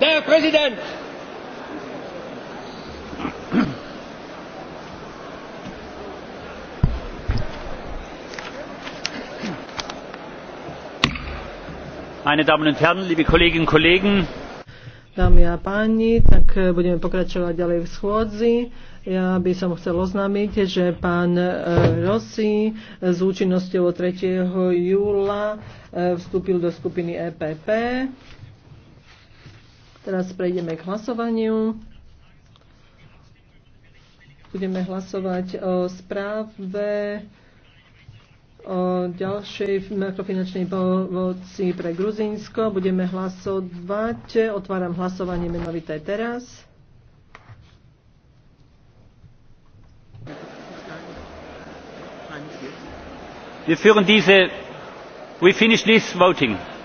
Der Präsident! Meine Damen und Herren, liebe Kolleginnen und Kollegen! Dámy a páni, tak eh, budeme pokračovať ďalej v schôdzi. Ja by som chcel oznámiť, že pán eh, Rossi eh, s účinnosťou 3. júla vstúpil do skupiny EPP. Teraz prejdeme k hlasovaniu. Budeme hlasovať o správe o ďalšej makrofinančnej pomoci pre Gruzínsko. Budeme hlasovať. Otváram hlasovanie menovité teraz. Wir führen diese, we finish this voting.